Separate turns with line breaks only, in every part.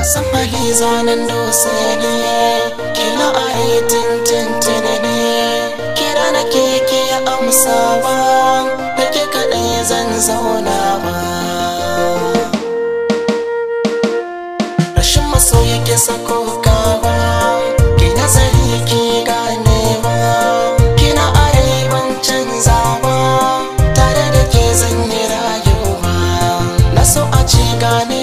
Asambali zanen dose ne Kila a yi tintin ne Kira na keke ya amsawa Da ke kaɗai zan zaunawa Rashin maso yake sako kawa Ki nazari ki ganewa Kina a yi wancan zawa Tare da ke zan yi rayuwa Na so a ci gane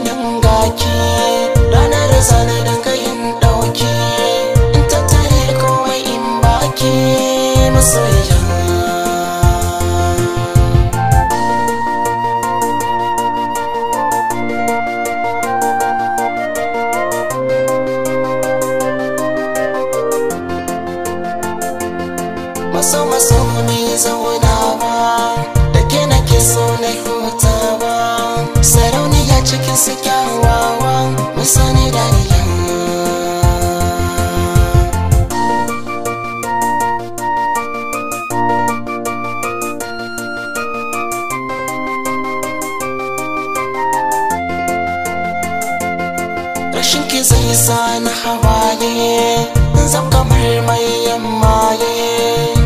maso maso ne zauna ba da ke nake so na huta Shin ki zai sa na hawaye Zan kamar mai yammaye